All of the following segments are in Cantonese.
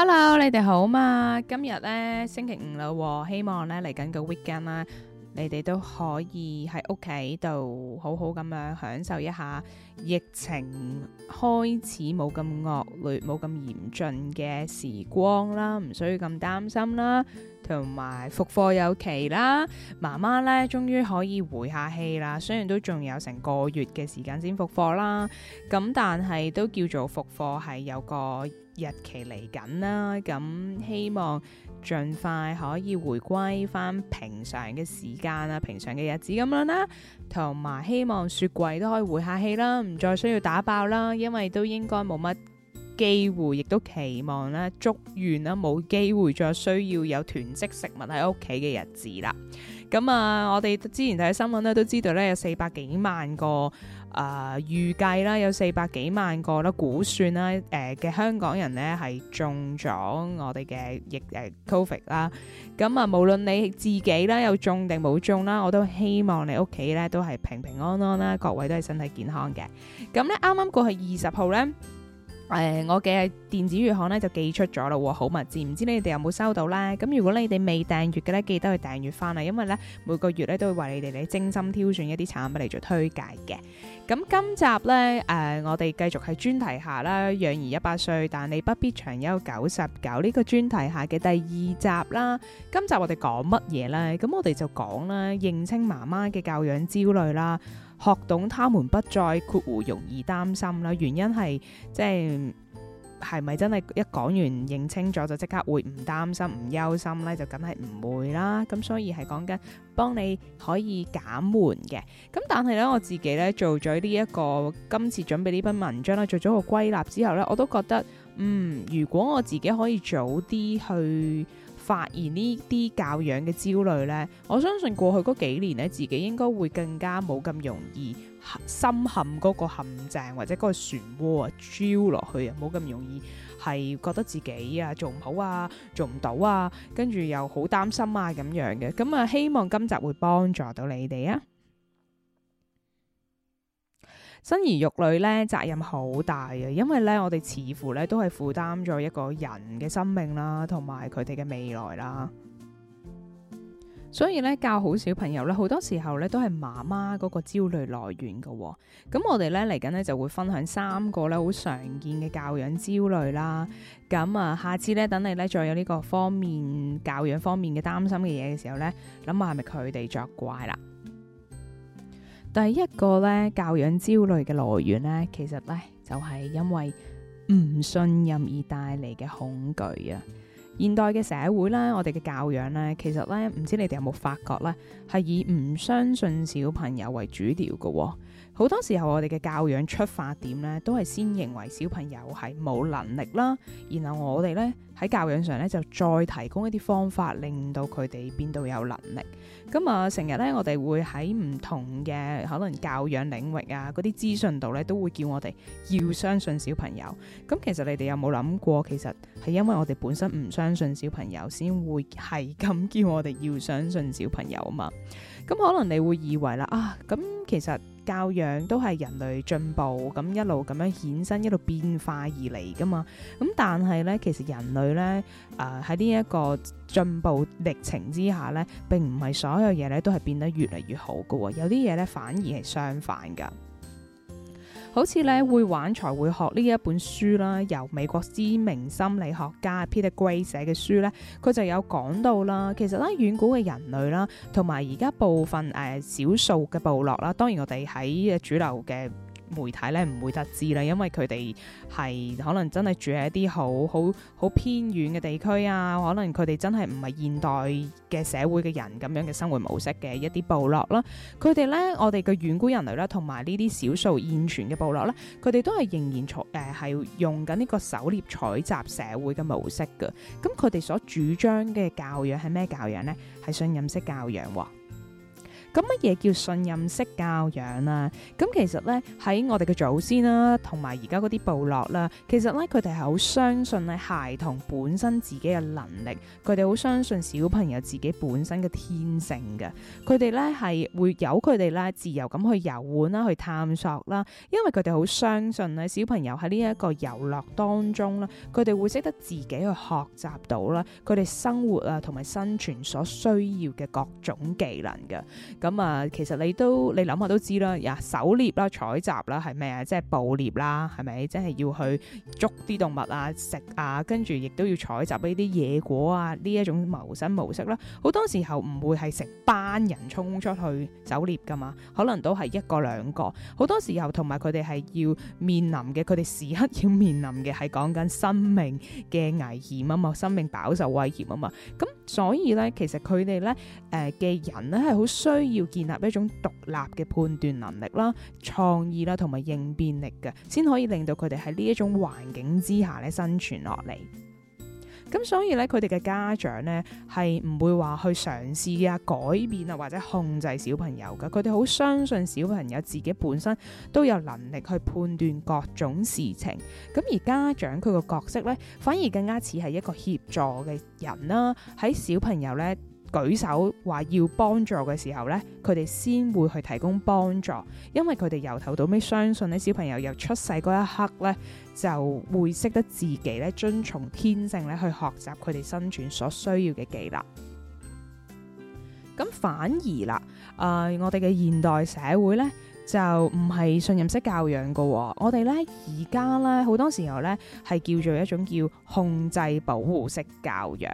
Hello，你哋好嘛？今日咧星期五啦，希望咧嚟緊個 weekend 啦，你哋都可以喺屋企度好好咁樣享受一下疫情開始冇咁惡劣、冇咁嚴峻嘅時光啦，唔需要咁擔心啦，同埋復課有期啦。媽媽咧終於可以回下氣啦，雖然都仲有成個月嘅時間先復課啦，咁但係都叫做復課係有個日期嚟緊啦，咁希望盡快可以回歸翻平常嘅時間啦，平常嘅日子咁樣啦，同埋希望雪櫃都可以回下氣啦，唔再需要打爆啦，因為都應該冇乜機會，亦都期望啦、祝願啦，冇機會再需要有囤積食物喺屋企嘅日子啦。咁啊，我哋之前睇新聞咧，都知道咧有四百幾萬個。啊，預計、uh, 啦有四百幾萬個啦，估算啦，誒、呃、嘅香港人咧係中咗我哋嘅疫誒 Covid 啦。咁啊，無論你自己啦有中定冇中啦，我都希望你屋企咧都係平平安安啦，各位都係身體健康嘅。咁咧啱啱過去二十號咧。誒、呃，我嘅電子月刊咧就寄出咗咯喎，好物誌，唔知你哋有冇收到呢？咁如果你哋未訂閱嘅咧，記得去訂閱翻啦，因為咧每個月咧都會為你哋咧精心挑選一啲產品嚟做推介嘅。咁今集咧，誒、呃，我哋繼續喺專題下啦，養兒一百歲，但你不必長憂九十九呢個專題下嘅第二集啦。今集我哋講乜嘢呢？咁我哋就講啦，認清媽媽嘅教養焦慮啦。學懂他們不再括弧容易擔心啦。原因係即係係咪真係一講完認清楚就即刻會唔擔心唔憂心呢？就梗係唔會啦。咁所以係講緊幫你可以減緩嘅。咁但係呢，我自己呢做咗呢一個今次準備呢篇文章呢，做咗個歸納之後呢，我都覺得嗯，如果我自己可以早啲去，發現呢啲教養嘅焦慮呢，我相信過去嗰幾年呢，自己應該會更加冇咁容易深陷嗰個陷阱或者嗰個漩渦啊，飄落去啊，冇咁容易係覺得自己啊做唔好啊，做唔到啊，跟住又好擔心啊咁樣嘅，咁啊希望今集會幫助到你哋啊。生兒育女咧責任好大呀，因為咧我哋似乎咧都係負擔咗一個人嘅生命啦，同埋佢哋嘅未來啦。所以咧教好小朋友咧，好多時候咧都係媽媽嗰個焦慮來源㗎喎。咁我哋咧嚟緊咧就會分享三個咧好常見嘅教養焦慮啦。咁啊，下次咧等你咧再有呢個方面教養方面嘅擔心嘅嘢嘅時候咧，諗下係咪佢哋作怪啦。第一個咧教養焦慮嘅來源咧，其實咧就係因為唔信任而帶嚟嘅恐懼啊！現代嘅社會咧，我哋嘅教養咧，其實咧唔知你哋有冇發覺咧，係以唔相信小朋友為主調嘅。好多時候我哋嘅教養出發點咧，都係先認為小朋友係冇能力啦，然後我哋咧。喺教養上咧，就再提供一啲方法，令到佢哋變到有能力。咁啊，成日咧，我哋會喺唔同嘅可能教養領域啊，嗰啲資訊度咧，都會叫我哋要相信小朋友。咁其實你哋有冇諗過？其實係因為我哋本身唔相信小朋友，先會係咁叫我哋要相信小朋友啊嘛。咁可能你會以為啦，啊，咁其實教養都係人類進步，咁一路咁樣衍生，一路變化而嚟噶嘛。咁但係咧，其實人類咧，誒喺呢一個進步歷程之下咧，並唔係所有嘢咧都係變得越嚟越好噶。有啲嘢咧反而係相反噶。好似咧會玩才會學呢一本書啦，由美國知名心理學家 Peter Gray 寫嘅書咧，佢就有講到啦。其實咧遠古嘅人類啦，同埋而家部分誒少數嘅部落啦，當然我哋喺主流嘅媒體咧唔會得知啦，因為佢哋係可能真係住喺一啲好好好偏遠嘅地區啊，可能佢哋真係唔係現代嘅社會嘅人咁樣嘅生活模式嘅一啲部落啦、啊。佢哋咧，我哋嘅遠古人類啦，同埋呢啲少數現存嘅部落咧，佢哋都係仍然採誒、呃、係用緊呢個狩獵採集社會嘅模式嘅。咁佢哋所主張嘅教養係咩教養呢？係信任式教養喎、啊。咁乜嘢叫信任式教養啊？咁其實咧喺我哋嘅祖先啦，同埋而家嗰啲部落啦，其實咧佢哋係好相信咧孩童本身自己嘅能力，佢哋好相信小朋友自己本身嘅天性嘅，佢哋咧係會由佢哋咧自由咁去遊玩啦，去探索啦，因為佢哋好相信咧小朋友喺呢一個遊樂當中啦，佢哋會識得自己去學習到啦，佢哋生活啊同埋生存所需要嘅各種技能嘅。咁啊，其實你都你諗下都知啦，呀狩獵啦、採集啦，係咩啊？即係捕獵啦，係咪？即係要去捉啲動物啊、食啊，跟住亦都要採集呢啲野果啊，呢一種謀生模式啦。好多時候唔會係成班人衝出去狩獵噶嘛，可能都係一個兩個。好多時候同埋佢哋係要面臨嘅，佢哋時刻要面臨嘅係講緊生命嘅危險啊嘛，生命飽受威脅啊嘛。咁所以咧，其實佢哋咧，誒、呃、嘅人咧係好衰。要建立一種獨立嘅判斷能力啦、創意啦同埋應變力嘅，先可以令到佢哋喺呢一種環境之下咧生存落嚟。咁所以咧，佢哋嘅家長咧係唔會話去嘗試啊改變啊或者控制小朋友嘅，佢哋好相信小朋友自己本身都有能力去判斷各種事情。咁而家長佢個角色咧，反而更加似係一個協助嘅人啦，喺小朋友咧。舉手話要幫助嘅時候呢，佢哋先會去提供幫助，因為佢哋由頭到尾相信呢，小朋友由出世嗰一刻呢，就會識得自己咧，遵從天性咧去學習佢哋生存所需要嘅技能。咁反而啦，誒、呃，我哋嘅現代社會呢，就唔係信任式教養嘅。我哋呢而家呢，好多時候呢，係叫做一種叫控制保護式教養。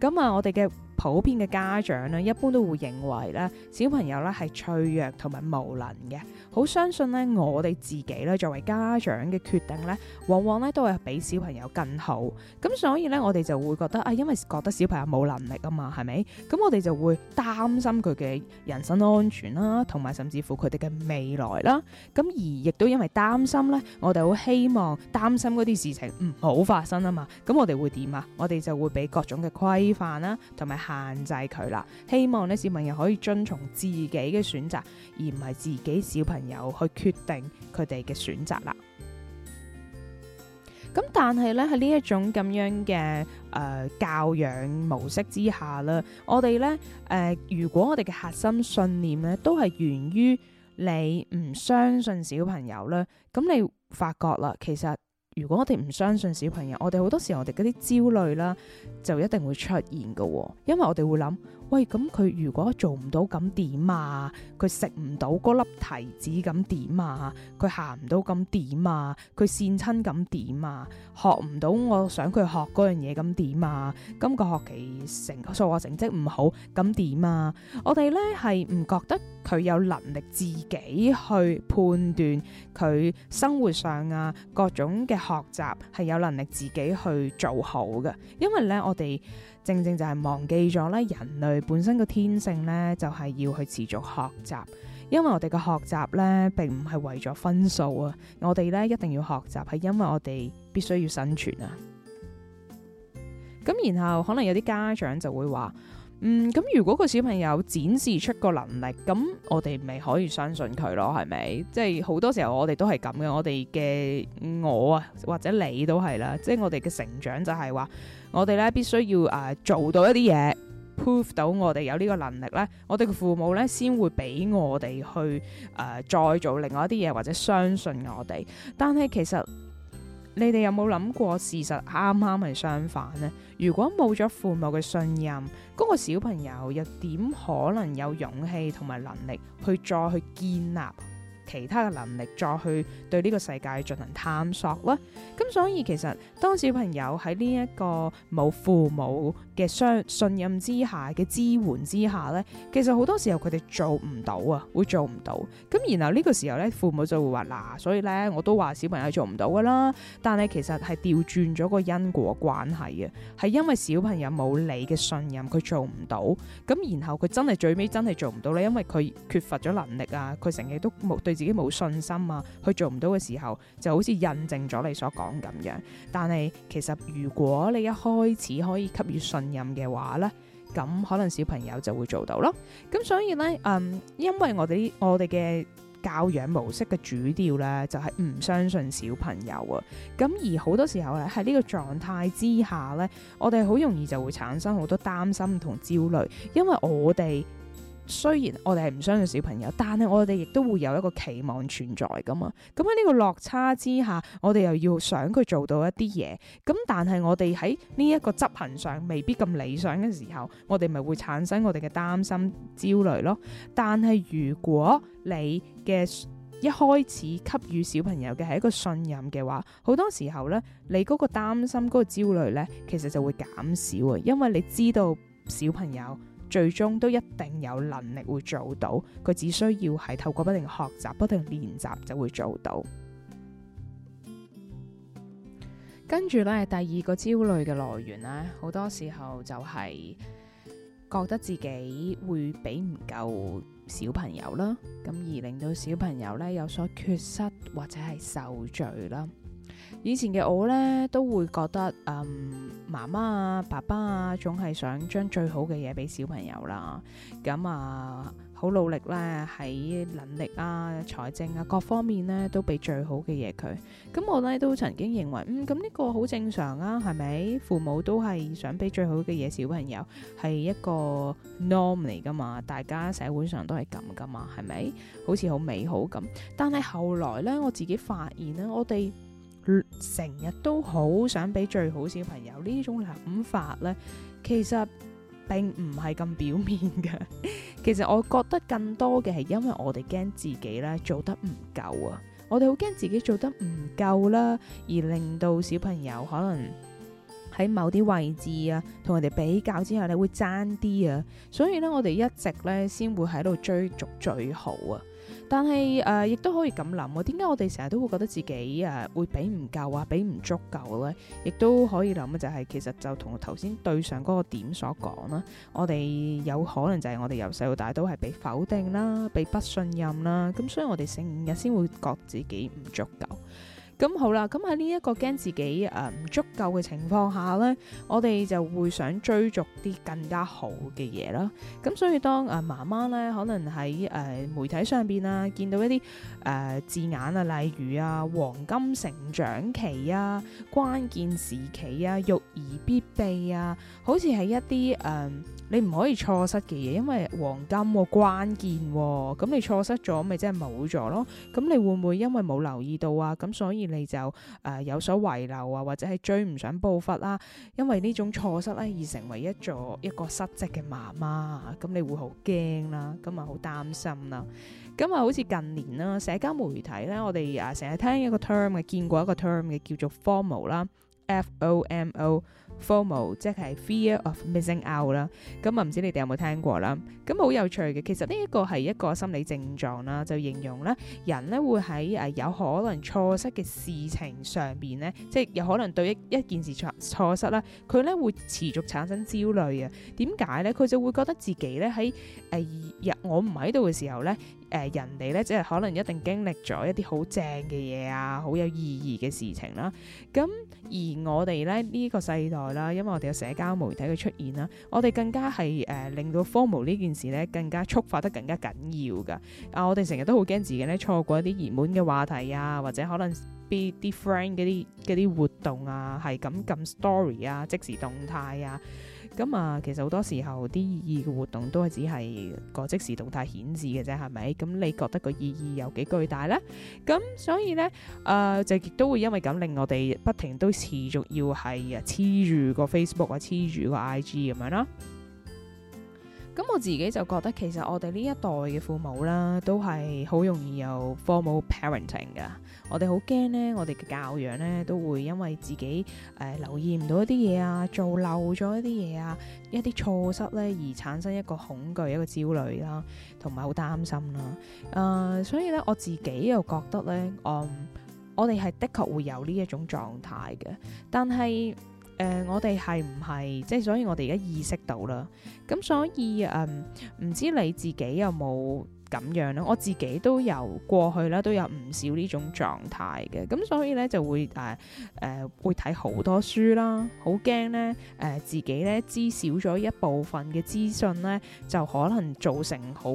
咁啊，我哋嘅。普遍嘅家長咧，一般都會認為咧，小朋友咧係脆弱同埋無能嘅。好相信咧，我哋自己咧，作為家長嘅決定咧，往往咧都係比小朋友更好。咁所以咧，我哋就會覺得啊，因為覺得小朋友冇能力啊嘛，係咪？咁我哋就會擔心佢嘅人身安全啦，同埋甚至乎佢哋嘅未來啦。咁而亦都因為擔心咧，我哋好希望擔心嗰啲事情唔好發生啊嘛。咁我哋會點啊？我哋就會俾各種嘅規範啦，同埋限制佢啦，希望咧小朋友可以遵從自己嘅選擇，而唔係自己小朋友去決定佢哋嘅選擇啦。咁但係咧，喺呢一種咁樣嘅誒、呃、教養模式之下咧，我哋咧誒，如果我哋嘅核心信念咧都係源於你唔相信小朋友咧，咁你發覺啦，其實。如果我哋唔相信小朋友，我哋好多時候，我哋嗰啲焦慮啦，就一定會出現噶喎。因為我哋會諗，喂，咁佢如果做唔到，咁點啊？佢食唔到嗰粒提子，咁點啊？佢行唔到，咁點啊？佢跣親，咁點啊？學唔到我想佢學嗰樣嘢，咁點啊？今個學期成數學成，成績唔好，咁點啊？我哋咧係唔覺得。佢有能力自己去判斷佢生活上啊各種嘅學習，係有能力自己去做好嘅。因為咧我哋正正就係忘記咗咧人類本身嘅天性咧就係要去持續學習，因為我哋嘅學習咧並唔係為咗分數啊，我哋咧一定要學習係因為我哋必須要生存啊。咁然後可能有啲家長就會話。嗯，咁如果個小朋友展示出個能力，咁我哋咪可以相信佢咯，係咪？即係好多時候我哋都係咁嘅，我哋嘅我啊或者你都係啦，即係我哋嘅成長就係話，我哋咧必須要啊、呃、做到一啲嘢，prove 到我哋有呢個能力咧，我哋嘅父母咧先會俾我哋去誒、呃、再做另外一啲嘢或者相信我哋，但係其實。你哋有冇諗過事實啱啱係相反呢？如果冇咗父母嘅信任，嗰個小朋友又點可能有勇氣同埋能力去再去建立其他嘅能力，再去對呢個世界進行探索呢？咁所以其實當小朋友喺呢一個冇父母，嘅相信任之下嘅支援之下咧，其實好多時候佢哋做唔到啊，會做唔到。咁然後呢個時候咧，父母就會話嗱，所以咧我都話小朋友做唔到噶啦。但係其實係調轉咗個因果關係啊，係因為小朋友冇你嘅信任，佢做唔到。咁然後佢真係最尾真係做唔到咧，因為佢缺乏咗能力啊，佢成日都冇對自己冇信心啊，佢做唔到嘅時候就好似印證咗你所講咁樣，但係其實如果你一開始可以給予信，任嘅話咧，咁可能小朋友就會做到咯。咁所以咧，嗯，因為我哋我哋嘅教養模式嘅主調咧，就係唔相信小朋友啊。咁而好多時候咧，喺呢個狀態之下咧，我哋好容易就會產生好多擔心同焦慮，因為我哋。雖然我哋係唔相信小朋友，但係我哋亦都會有一個期望存在噶嘛。咁喺呢個落差之下，我哋又要想佢做到一啲嘢，咁但係我哋喺呢一個執行上未必咁理想嘅時候，我哋咪會產生我哋嘅擔心焦慮咯。但係如果你嘅一開始給予小朋友嘅係一個信任嘅話，好多時候呢，你嗰個擔心嗰個焦慮呢，其實就會減少啊，因為你知道小朋友。最終都一定有能力會做到，佢只需要係透過不停學習、不停練習就會做到。跟住咧，第二個焦慮嘅來源咧，好多時候就係覺得自己會俾唔夠小朋友啦，咁而令到小朋友咧有所缺失或者係受罪啦。以前嘅我呢，都會覺得，嗯，媽媽啊、爸爸啊，總係想將最好嘅嘢俾小朋友啦。咁啊，好努力呢，喺能力啊、財政啊各方面呢，都俾最好嘅嘢佢。咁我呢，都曾經認為，嗯，咁呢個好正常啊，係咪？父母都係想俾最好嘅嘢小朋友，係一個 norm 嚟噶嘛？大家社會上都係咁噶嘛？係咪？好似好美好咁。但係後來呢，我自己發現呢，我哋，成日都好想俾最好小朋友呢種諗法呢，其實並唔係咁表面嘅。 其實我覺得更多嘅係因為我哋驚自己呢做得唔夠啊，我哋好驚自己做得唔夠啦、啊，而令到小朋友可能喺某啲位置啊同人哋比較之後你會爭啲啊，所以呢，我哋一直呢先會喺度追逐最好啊。但係誒，亦、呃、都可以咁諗喎。點解我哋成日都會覺得自己誒、呃、會俾唔夠啊，俾唔足夠呢？亦都可以諗嘅就係、是，其實就同頭先對上嗰個點所講啦。我哋有可能就係我哋由細到大都係被否定啦，被不信任啦。咁所以我哋成日先會覺自己唔足夠。咁好啦，咁喺呢一個驚自己誒、呃、唔足夠嘅情況下呢，我哋就會想追逐啲更加好嘅嘢啦。咁所以當啊媽媽呢，可能喺誒、呃、媒體上邊啊，見到一啲誒、呃、字眼啊，例如啊，黃金成長期啊、關鍵時期啊、育兒必備啊，好似係一啲誒、呃你唔可以錯失嘅嘢，因為黃金喎、哦、關鍵喎、哦，咁你錯失咗，咪即係冇咗咯。咁你會唔會因為冇留意到啊？咁所以你就誒、呃、有所遺漏啊，或者係追唔上步伐啦。因為種錯呢種錯失咧，而成為一座一個失職嘅媽媽。咁你會好驚啦，咁啊好擔心啦。咁啊好似近年啦，社交媒體咧，我哋啊成日聽一個 term 嘅，見過一個 term 嘅叫做 FOMO r 啦，FOMO。O M o, FOMO 即係 fear of missing out 啦，咁啊唔知你哋有冇聽過啦？咁好有趣嘅，其實呢一個係一個心理症狀啦，就形容咧人咧會喺誒有可能錯失嘅事情上邊咧，即係有可能對一一件事錯錯失啦，佢咧會持續產生焦慮啊？點解咧？佢就會覺得自己咧喺誒若我唔喺度嘅時候咧。誒、呃、人哋咧，即係可能一定經歷咗一啲好正嘅嘢啊，好有意義嘅事情啦。咁而我哋咧呢、這個世代啦，因為我哋有社交媒體嘅出現啦，我哋更加係誒、呃、令到 formal 呢件事咧更加觸發得更加緊要噶。啊，我哋成日都好驚自己咧錯過一啲熱門嘅話題啊，或者可能啲啲 friend 嗰啲啲活動啊，係咁撳 story 啊，即時動態啊。咁啊，其實好多時候啲意義嘅活動都係只係個即時動態顯示嘅啫，係咪？咁你覺得個意義有幾巨大呢？咁所以呢，誒，就亦都會因為咁令我哋不停都持續要係啊黐住個 Facebook 啊，黐住個 IG 咁樣啦。咁我自己就覺得，其實我哋呢一代嘅父母啦，都係好容易有 formal parenting 噶。我哋好驚咧，我哋嘅教養咧都會因為自己誒、呃、留意唔到一啲嘢啊，做漏咗一啲嘢啊，一啲錯失咧而產生一個恐懼、一個焦慮啦，同埋好擔心啦。誒、呃，所以咧我自己又覺得咧，嗯，我哋係的確會有呢一種狀態嘅，但係誒、呃，我哋係唔係即係？即係、所以我哋而家意識到啦。咁所以誒，唔、嗯、知你自己有冇？咁樣咯，我自己都有過去咧，都有唔少呢種狀態嘅，咁所以咧就會誒誒、呃呃、會睇好多書啦，好驚咧誒自己咧知少咗一部分嘅資訊咧，就可能造成好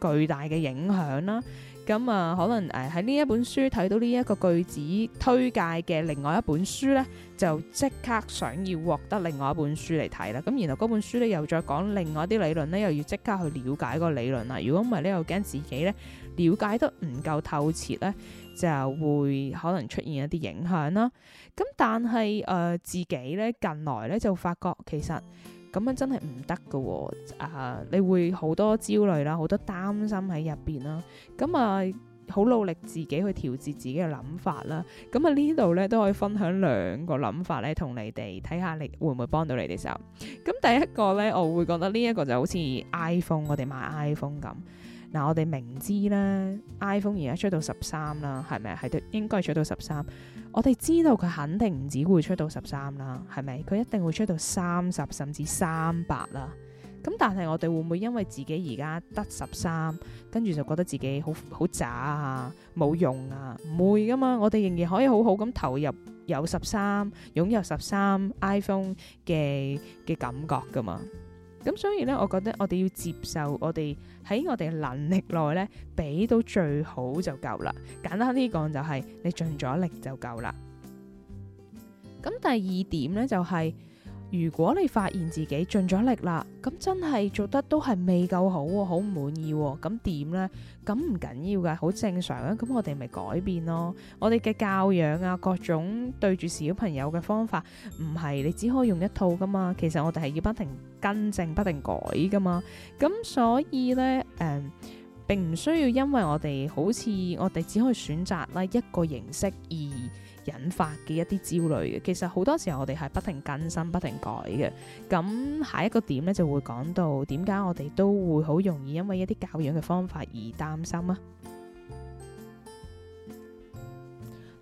巨大嘅影響啦。咁啊，可能誒喺呢一本書睇到呢一個句子，推介嘅另外一本書呢，就即刻想要獲得另外一本書嚟睇啦。咁然後嗰本書呢，又再講另外一啲理論呢，又要即刻去了解個理論啦。如果唔係呢又驚自己呢，了解得唔夠透徹呢，就會可能出現一啲影響啦。咁但係誒、呃、自己呢，近來呢，就發覺其實。咁樣真係唔得噶，啊、呃！你會好多焦慮啦，好多擔心喺入邊啦。咁啊，好努力自己去調節自己嘅諗法啦。咁啊，呢度咧都可以分享兩個諗法咧，同你哋睇下你會唔會幫到你哋手。咁第一個咧，我會覺得呢一個就好似 iPhone，我哋買 iPhone 咁。嗱、啊，我哋明知咧 iPhone 而家出到十三啦，係咪？係都應該出到十三。我哋知道佢肯定唔止會出到十三啦，係咪？佢一定會出到三十甚至三百啦。咁但係我哋會唔會因為自己而家得十三，跟住就覺得自己好好渣啊，冇用啊？唔會噶嘛，我哋仍然可以好好咁投入，有十三，擁有十三 iPhone 嘅嘅感覺噶嘛。咁所以咧，我覺得我哋要接受我哋喺我哋能力內咧，俾到最好就夠啦。簡單啲講就係你盡咗力就夠啦。咁第二點咧就係。如果你發現自己盡咗力啦，咁真係做得都係未夠好喎，好唔滿意喎，咁點呢？咁唔緊要嘅，好正常啊。咁我哋咪改變咯。我哋嘅教養啊，各種對住小朋友嘅方法，唔係你只可以用一套噶嘛。其實我哋係要不停更正、不停改噶嘛。咁所以呢，誒、嗯、並唔需要因為我哋好似我哋只可以選擇啦一個形式而。引發嘅一啲焦慮嘅，其實好多時候我哋係不停更新、不停改嘅。咁下一個點呢，就會講到點解我哋都會好容易因為一啲教養嘅方法而擔心啊。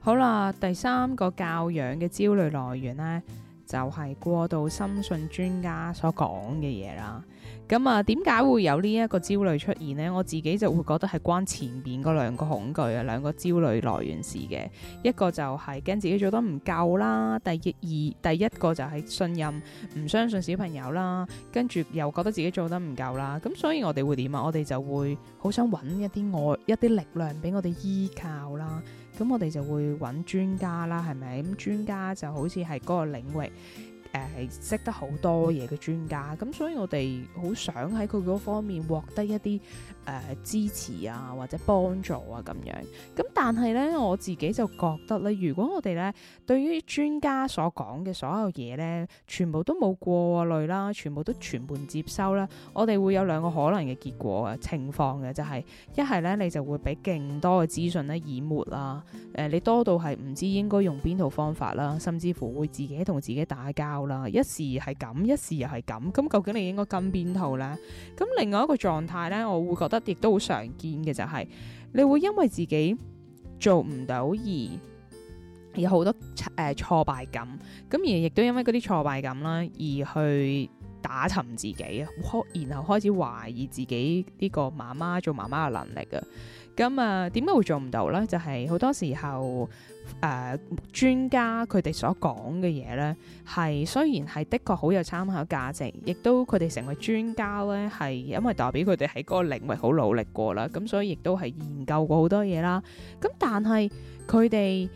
好啦，第三個教養嘅焦慮來源呢，就係過度深信專家所講嘅嘢啦。咁啊，點解會有呢一個焦慮出現呢？我自己就會覺得係關前面嗰兩個恐懼啊，兩個焦慮來源事嘅。一個就係驚自己做得唔夠啦，第二，第一個就係信任唔相信小朋友啦，跟住又覺得自己做得唔夠啦。咁所以我哋會點啊？我哋就會好想揾一啲我一啲力量俾我哋依靠啦。咁我哋就會揾專家啦，係咪？咁專家就好似係嗰個領域。誒識得好多嘢嘅專家，咁所以我哋好想喺佢嗰方面獲得一啲。誒、呃、支持啊，或者幫助啊咁樣，咁但係咧，我自己就覺得咧，如果我哋咧對於專家所講嘅所有嘢咧，全部都冇過濾啦，全部都全盤接收啦，我哋會有兩個可能嘅結果啊情況嘅、就是，就係一係咧你就會俾勁多嘅資訊咧淹沒啦，誒、呃、你多到係唔知應該用邊套方法啦，甚至乎會自己同自己打交啦，一時係咁，一時又係咁，咁究竟你應該跟邊套咧？咁另外一個狀態咧，我會覺得。亦都好常見嘅就係、是，你會因為自己做唔到而有好多誒、呃、挫敗感，咁而亦都因為嗰啲挫敗感啦，而去打沉自己啊，然後開始懷疑自己呢個媽媽做媽媽嘅能力嘅。咁啊，點解、嗯、會做唔到呢？就係、是、好多時候，誒、呃、專家佢哋所講嘅嘢呢，係雖然係的確好有參考價值，亦都佢哋成為專家呢，係因為代表佢哋喺嗰個領域好努力過啦。咁、嗯、所以亦都係研究過好多嘢啦。咁、嗯、但係佢哋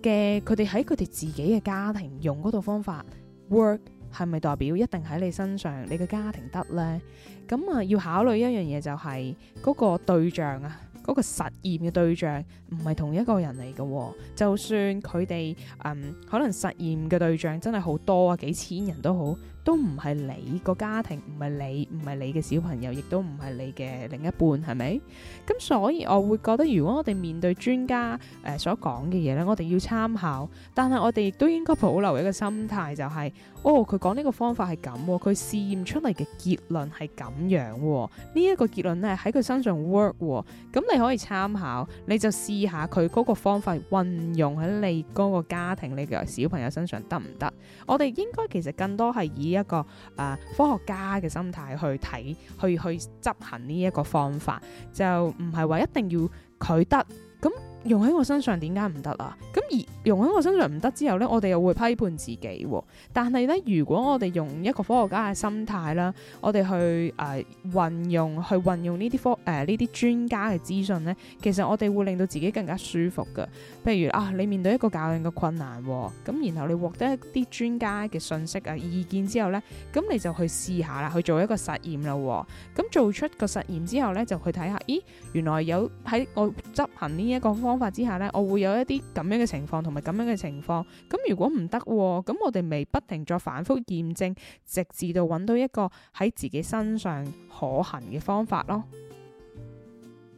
嘅佢哋喺佢哋自己嘅家庭用嗰套方法 work，係咪代表一定喺你身上你嘅家庭得呢？咁、嗯、啊、嗯，要考慮一樣嘢就係、是、嗰、那個對象啊。嗰個實驗嘅對象唔係同一個人嚟嘅哦。就算佢哋，嗯，可能實驗嘅對象真係好多啊，幾千人都好。都唔係你個家庭，唔係你，唔係你嘅小朋友，亦都唔係你嘅另一半，係咪？咁所以我會覺得，如果我哋面對專家誒、呃、所講嘅嘢咧，我哋要參考，但係我哋亦都應該保留一個心態，就係、是、哦，佢講呢個方法係咁，佢試驗出嚟嘅結論係咁樣，呢、哦、一、這個結論咧喺佢身上 work，咁、哦、你可以參考，你就試下佢嗰個方法運用喺你嗰個家庭、你嘅小朋友身上得唔得？我哋應該其實更多係以。一個呃，科學家嘅心態去睇，去去執行呢一個方法，就唔係話一定要佢得咁。用喺我身上點解唔得啊？咁而用喺我身上唔得之後咧，我哋又會批判自己、哦。但係咧，如果我哋用一個科學家嘅心態啦，我哋去誒、呃、運用去運用呢啲科誒呢啲專家嘅資訊咧，其實我哋會令到自己更加舒服嘅。譬如啊，你面對一個教養嘅困難、哦，咁然後你獲得一啲專家嘅信息啊意見之後咧，咁你就去試下啦，去做一個實驗咯、哦，咁做出個實驗之後咧，就去睇下，咦，原來有喺我執行呢一個方。方法之下呢，我會有一啲咁樣嘅情，情況，同埋咁樣嘅情況。咁如果唔得，咁我哋咪不停再反覆驗證，直至到揾到一個喺自己身上可行嘅方法咯。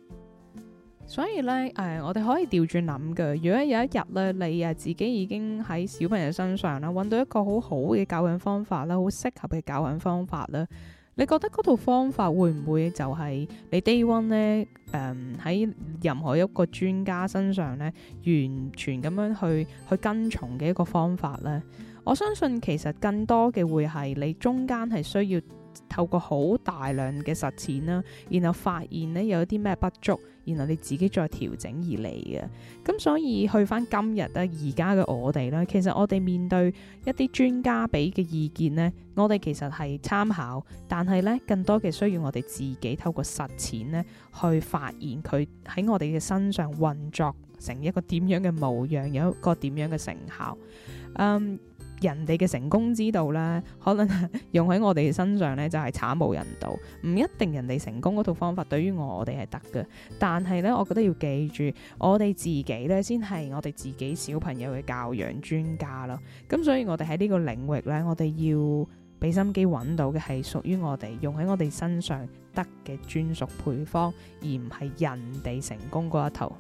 所以呢，誒、呃，我哋可以調轉諗嘅。如果有一日咧，你啊自己已經喺小朋友身上啦，揾到一個好好嘅教養方法啦，好適合嘅教養方法啦。你覺得嗰套方法會唔會就係你 Day One 咧？呃，喺任何一個專家身上呢，完全咁樣去去跟從嘅一個方法呢？我相信其實更多嘅會係你中間係需要透過好大量嘅實踐啦，然後發現呢有啲咩不足。然後你自己再調整而嚟嘅，咁所以去返今日啊，而家嘅我哋咧，其實我哋面對一啲專家俾嘅意見呢，我哋其實係參考，但係咧更多嘅需要我哋自己透過實踐咧去發現佢喺我哋嘅身上運作成一個點樣嘅模樣，有一個點樣嘅成效。嗯。人哋嘅成功之道咧，可能用喺我哋身上咧就係慘無人道，唔一定人哋成功嗰套方法對於我哋係得嘅。但係咧，我覺得要記住，我哋自己咧先係我哋自己小朋友嘅教養專家咯。咁所以我哋喺呢個領域咧，我哋要俾心機揾到嘅係屬於我哋用喺我哋身上得嘅專屬配方，而唔係人哋成功嗰一套。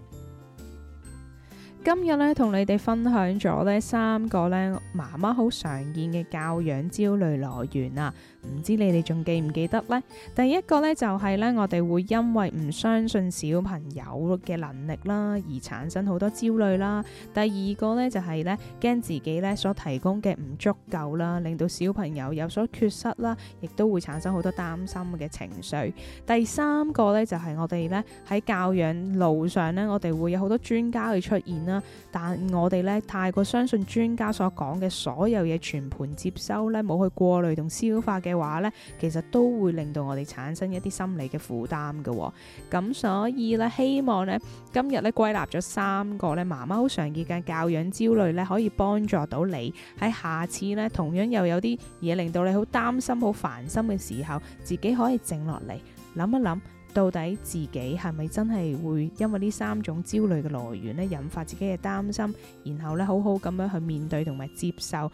今日咧，同你哋分享咗咧三個咧媽媽好常見嘅教養焦慮來源啊。唔知你哋仲記唔記得咧？第一個咧就係咧，我哋會因為唔相信小朋友嘅能力啦，而產生好多焦慮啦。第二個咧就係咧，驚自己咧所提供嘅唔足夠啦，令到小朋友有所缺失啦，亦都會產生好多擔心嘅情緒。第三個咧就係我哋咧喺教養路上咧，我哋會有好多專家去出現啦，但我哋咧太過相信專家所講嘅所有嘢，全盤接收咧，冇去過濾同消化嘅。話咧，其實都會令到我哋產生一啲心理嘅負擔嘅喎。咁所以咧，希望呢今日咧歸納咗三個咧媽媽好常見嘅教養焦慮咧，可以幫助到你喺下次咧同樣又有啲嘢令到你好擔心、好煩心嘅時候，自己可以靜落嚟諗一諗，到底自己係咪真係會因為呢三種焦慮嘅來源咧引發自己嘅擔心，然後咧好好咁樣去面對同埋接受。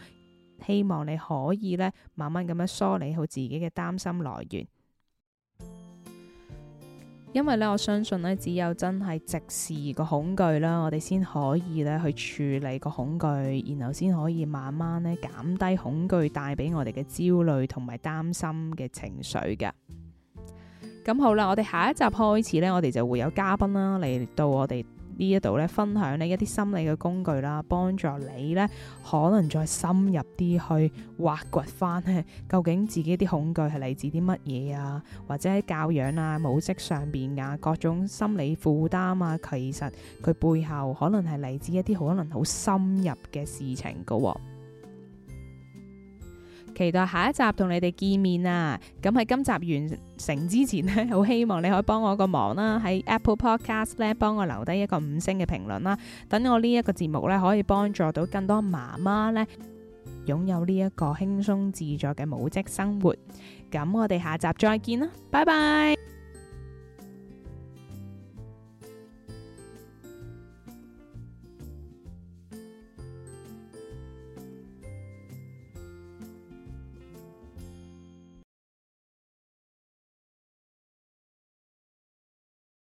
希望你可以咧，慢慢咁樣梳理好自己嘅擔心來源，因為咧，我相信咧，只有真係直視個恐懼啦，我哋先可以咧去處理個恐懼，然後先可以慢慢咧減低恐懼帶俾我哋嘅焦慮同埋擔心嘅情緒噶。咁好啦，我哋下一集開始咧，我哋就會有嘉賓啦嚟到我哋。呢一度咧，分享你一啲心理嘅工具啦，幫助你咧可能再深入啲去挖掘翻咧，究竟自己啲恐懼係嚟自啲乜嘢啊，或者喺教養啊、母職上邊啊，各種心理負擔啊，其實佢背後可能係嚟自一啲可能好深入嘅事情噶喎。期待下一集同你哋見面啊！咁喺今集完成之前呢，好 希望你可以幫我個忙啦，啊，喺 Apple Podcast 咧幫我留低一個五星嘅評論啦，啊，等我呢一個節目咧可以幫助到更多媽媽咧擁有呢一個輕鬆自在嘅母職生活。咁我哋下集再見啦，拜拜。